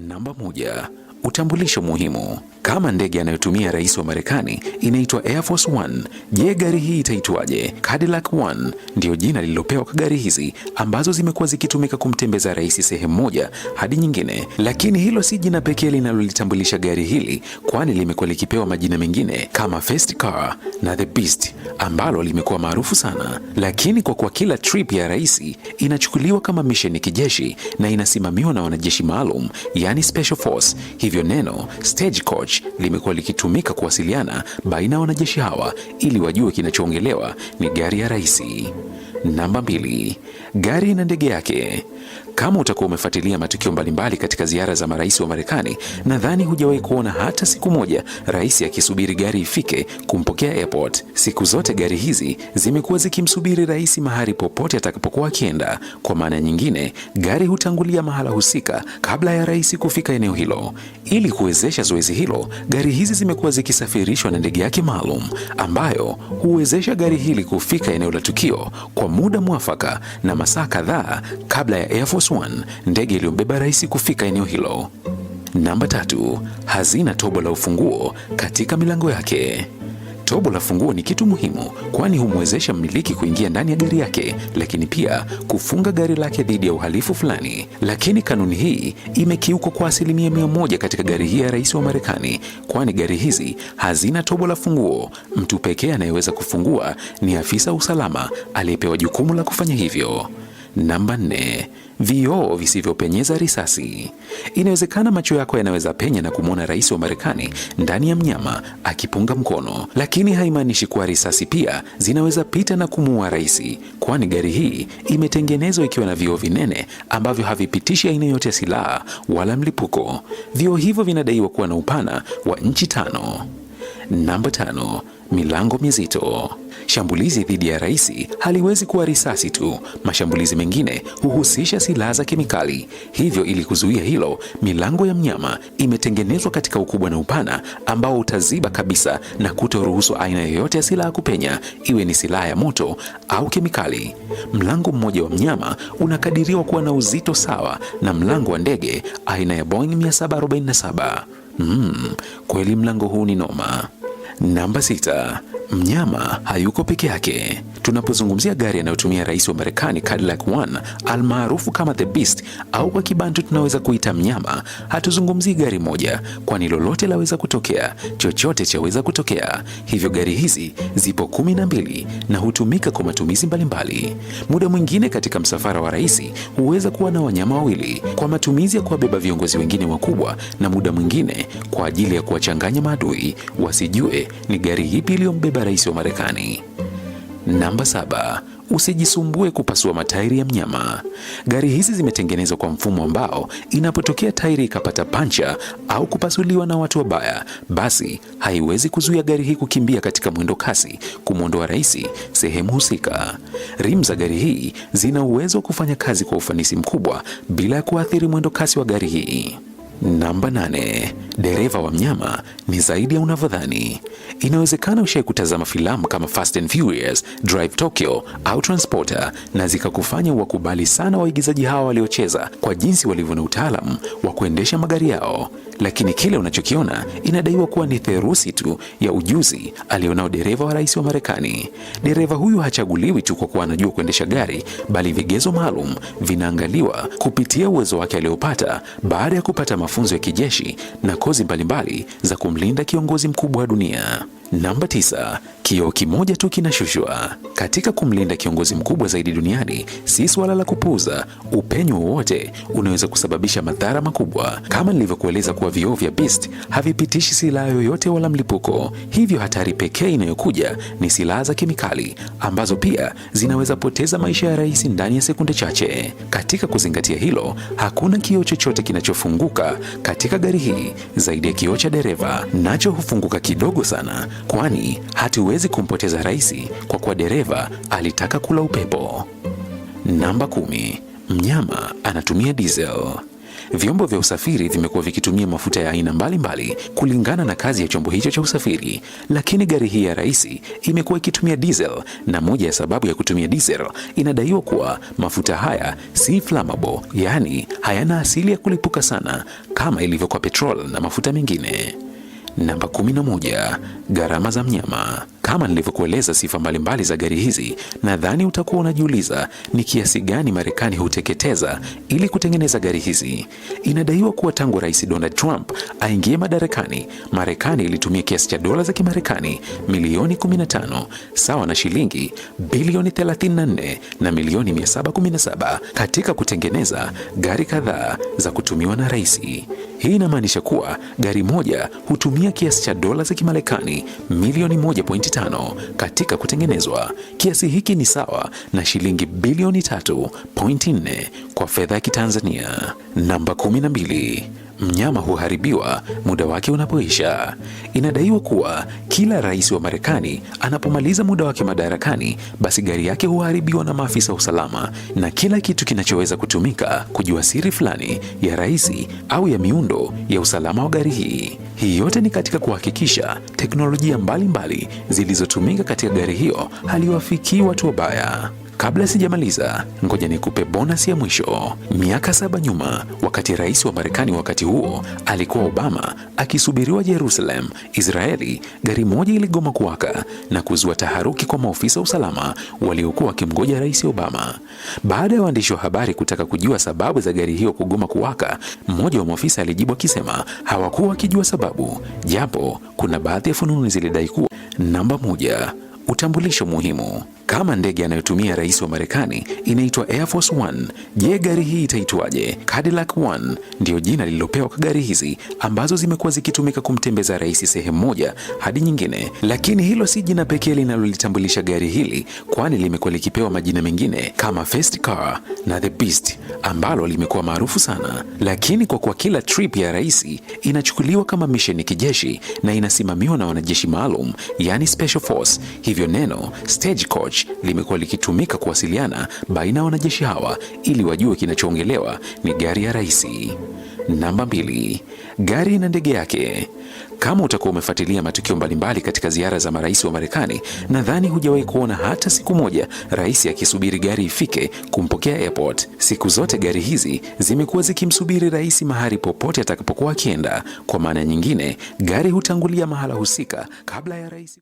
namba moja utambulisho muhimu. Kama ndege anayotumia rais wa Marekani inaitwa Air Force One, je, gari hii itaitwaje? Cadillac One ndiyo jina lililopewa kwa gari hizi ambazo zimekuwa zikitumika kumtembeza rais sehemu moja hadi nyingine. Lakini hilo si jina pekee linalolitambulisha gari hili, kwani limekuwa likipewa majina mengine kama Fast Car na The Beast ambalo limekuwa maarufu sana. Lakini kwa kuwa kila trip ya rais inachukuliwa kama misheni kijeshi na inasimamiwa na wanajeshi maalum, yani special force Hivyo neno stagecoach limekuwa likitumika kuwasiliana baina ya wanajeshi hawa ili wajue kinachoongelewa ni gari ya rais. Namba mbili, gari na ndege yake. Kama utakuwa umefuatilia matukio mbalimbali katika ziara za marais wa Marekani, nadhani hujawahi kuona hata siku moja rais akisubiri gari ifike kumpokea airport. Siku zote gari hizi zimekuwa zikimsubiri rais mahali popote atakapokuwa akienda. Kwa maana nyingine, gari hutangulia mahala husika kabla ya rais kufika eneo hilo. Ili kuwezesha zoezi hilo, gari hizi zimekuwa zikisafirishwa na ndege yake maalum ambayo huwezesha gari hili kufika eneo la tukio kwa muda mwafaka na masaa kadhaa kabla ya Air Force Swan, ndege iliyobeba rais kufika eneo hilo. Namba tatu, hazina tobo la ufunguo katika milango yake. Tobo la funguo ni kitu muhimu, kwani humwezesha mmiliki kuingia ndani ya gari yake, lakini pia kufunga gari lake dhidi ya uhalifu fulani. Lakini kanuni hii imekiukwa kwa asilimia mia moja katika gari hii ya rais wa Marekani, kwani gari hizi hazina tobo la funguo. Mtu pekee anayeweza kufungua ni afisa usalama aliyepewa jukumu la kufanya hivyo. Namba nne, vioo visivyopenyeza risasi. Inawezekana macho yako yanaweza penya na kumwona rais wa Marekani ndani ya mnyama akipunga mkono, lakini haimaanishi kuwa risasi pia zinaweza pita na kumuua rais, kwani gari hii imetengenezwa ikiwa na vioo vinene ambavyo havipitishi aina yote ya silaha wala mlipuko. Vioo hivyo vinadaiwa kuwa na upana wa inchi tano. Namba tano, milango mizito. Shambulizi dhidi ya rais haliwezi kuwa risasi tu. Mashambulizi mengine huhusisha silaha za kemikali. Hivyo, ili kuzuia hilo, milango ya mnyama imetengenezwa katika ukubwa na upana ambao utaziba kabisa na kutoruhusu aina yoyote ya silaha kupenya, iwe ni silaha ya moto au kemikali. Mlango mmoja wa mnyama unakadiriwa kuwa na uzito sawa na mlango wa ndege aina ya Boeing 747. Mm, kweli mlango huu ni noma. Namba sita mnyama hayuko peke yake. Tunapozungumzia gari anayotumia rais wa Marekani Cadillac One almaarufu kama The Beast au kwa Kibantu tunaweza kuita mnyama, hatuzungumzii gari moja, kwani lolote laweza kutokea, chochote chaweza kutokea. Hivyo gari hizi zipo kumi na mbili na hutumika kwa matumizi mbalimbali. Muda mwingine katika msafara wa rais huweza kuwa na wanyama wawili kwa matumizi ya kuwabeba viongozi wengine wakubwa, na muda mwingine kwa ajili ya kuwachanganya maadui wasijue ni gari ipi iliyombeba kumkwepa rais wa Marekani. Namba saba, usijisumbue kupasua matairi ya mnyama. Gari hizi zimetengenezwa kwa mfumo ambao inapotokea tairi ikapata pancha au kupasuliwa na watu wabaya, basi haiwezi kuzuia gari hii kukimbia katika mwendo kasi kumwondoa rais sehemu husika. Rim za gari hii zina uwezo wa kufanya kazi kwa ufanisi mkubwa bila ya kuathiri mwendo kasi wa gari hii. Namba nane. Dereva wa mnyama ni zaidi ya unavyodhani. Inawezekana ushai kutazama filamu kama Fast and Furious, Drive Tokyo au Transporter na zikakufanya uwakubali sana waigizaji hawa waliocheza kwa jinsi walivyo na utaalamu wa kuendesha magari yao, lakini kile unachokiona inadaiwa kuwa ni therusi tu ya ujuzi alionao dereva wa rais wa Marekani. Dereva huyu hachaguliwi tu kwa kuwa anajua kuendesha gari, bali vigezo maalum vinaangaliwa kupitia uwezo wake aliopata baada ya kupata mafunzo ya kijeshi na kozi mbalimbali za kumlinda kiongozi mkubwa wa dunia. Namba tisa, kioo kimoja tu kinashushwa. Katika kumlinda kiongozi mkubwa zaidi duniani, si suala la kupuuza. Upenyo wowote unaweza kusababisha madhara makubwa. Kama nilivyokueleza kuwa vioo vya BEAST havipitishi silaha yoyote wala mlipuko, hivyo hatari pekee inayokuja ni silaha za kemikali ambazo pia zinaweza poteza maisha ya rais ndani ya sekunde chache. Katika kuzingatia hilo, hakuna kioo chochote kinachofunguka katika gari hii zaidi ya kioo cha dereva, nacho hufunguka kidogo sana kwani hatuwezi kumpoteza rais kwa kuwa dereva alitaka kula upepo. Namba kumi. Mnyama anatumia diesel. Vyombo vya usafiri vimekuwa vikitumia mafuta ya aina mbalimbali kulingana na kazi ya chombo hicho cha usafiri, lakini gari hii ya rais imekuwa ikitumia diesel, na moja ya sababu ya kutumia diesel inadaiwa kuwa mafuta haya si flammable, yaani hayana asili ya kulipuka sana kama ilivyo kwa petrol na mafuta mengine. Namba 11, gharama za mnyama. Kama nilivyokueleza sifa mbalimbali za gari hizi, nadhani utakuwa unajiuliza ni kiasi gani Marekani huteketeza ili kutengeneza gari hizi. Inadaiwa kuwa tangu Rais Donald Trump aingie madarakani, Marekani ilitumia kiasi cha dola za Kimarekani milioni 15 sawa na shilingi bilioni 34 na milioni 717 katika kutengeneza gari kadhaa za kutumiwa na rais. Hii inamaanisha kuwa gari moja hutumia kiasi cha dola za Kimarekani milioni tano katika kutengenezwa. Kiasi hiki ni sawa na shilingi bilioni 3.4 kwa fedha ya Kitanzania. Namba 12. Mnyama huharibiwa muda wake unapoisha. Inadaiwa kuwa kila rais wa Marekani anapomaliza muda wake madarakani, basi gari yake huharibiwa na maafisa wa usalama na kila kitu kinachoweza kutumika kujua siri fulani ya rais au ya miundo ya usalama wa gari hii. Hii yote ni katika kuhakikisha teknolojia mbalimbali zilizotumika katika gari hiyo haliwafikii watu wabaya. Kabla sijamaliza, ngoja nikupe bonus ya mwisho. Miaka saba nyuma, wakati rais wa Marekani wakati huo alikuwa Obama akisubiriwa Jerusalem, Israeli, gari moja iligoma kuwaka na kuzua taharuki kwa maofisa wa usalama waliokuwa wakimgoja rais Obama. Baada ya waandishi wa habari kutaka kujua sababu za gari hiyo kugoma kuwaka, mmoja wa maofisa alijibu akisema hawakuwa wakijua sababu, japo kuna baadhi ya fununu zilidai kuwa namba moja, utambulisho muhimu. Kama ndege anayotumia rais wa Marekani inaitwa Air Force One, je, gari hii itaitwaje? Cadillac One ndiyo jina lililopewa kwa gari hizi ambazo zimekuwa zikitumika kumtembeza rais sehemu moja hadi nyingine. Lakini hilo si jina pekee linalolitambulisha gari hili, kwani limekuwa likipewa majina mengine kama Fast Car na The Beast ambalo limekuwa maarufu sana. Lakini kwa kuwa kila trip ya rais inachukuliwa kama misheni kijeshi na inasimamiwa na wanajeshi maalum, yani special force, hivyo neno stagecoach Watch limekuwa likitumika kuwasiliana baina ya wanajeshi hawa ili wajue kinachoongelewa ni gari ya rais. Namba mbili, gari na ndege yake. Kama utakuwa umefuatilia matukio mbalimbali katika ziara za marais wa Marekani, nadhani hujawahi kuona hata siku moja rais akisubiri gari ifike kumpokea airport. Siku zote gari hizi zimekuwa zikimsubiri rais mahali popote atakapokuwa akienda. Kwa maana nyingine, gari hutangulia mahala husika kabla ya rais.